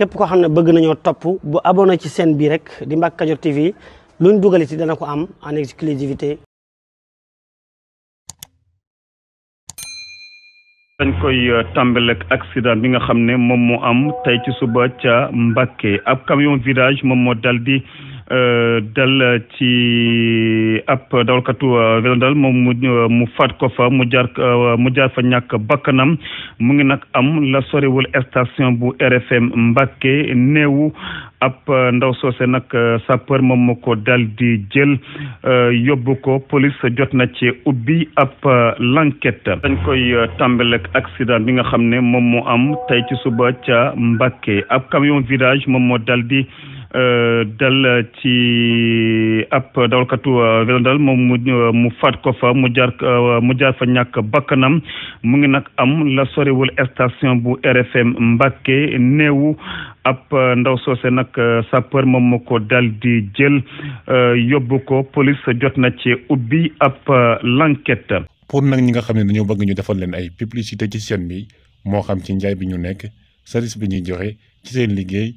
képp koo xam ne bëgg nañoo topp bu abonné ci seen bi rek di Mbacke Kadior TV luñ dugal ci dana ko am en exclusivité dañ koy euh, tàmbale accident bi nga xam ne moom moo am tey ci suba ca Mbacke ab camion virage moom moo dal di Euh, dal ci ab dawalkatu euh, vélo dal moom mu euh, mu faat ko fa mu jaar mu fa ñàkk bakkanam mu ngi nag am la soriwul station bu RFM Mbacke néewu ab ndaw soose nag sapeur moom moo ko dal di jël yóbbu ko police jot na ci ubbi ab l'enquête dañ koy tàmbaleek accident bi nga xam ne moom moo am tey ci suba ca Mbacke ab camion virage moom moo dal di Euh, dal ci ab dawalkatu vélo euh, dal moom mu euh, mu faat ko fa mu jaar mu fa ñàkk bakkanam mu ngi nag am la soriwul station bu RFM Mbacke néewu ab ndaw soose nag sapeur moom mu ko dal di jël yóbbu ko police jot na ci ubbi ab l'enquête pour nag ñi nga xam ne dañoo bëgg ñu defal leen ay publicité ci seen bi moo xam ci njaay bi ñu nekk service bi ñuy joxe ci seen liggéey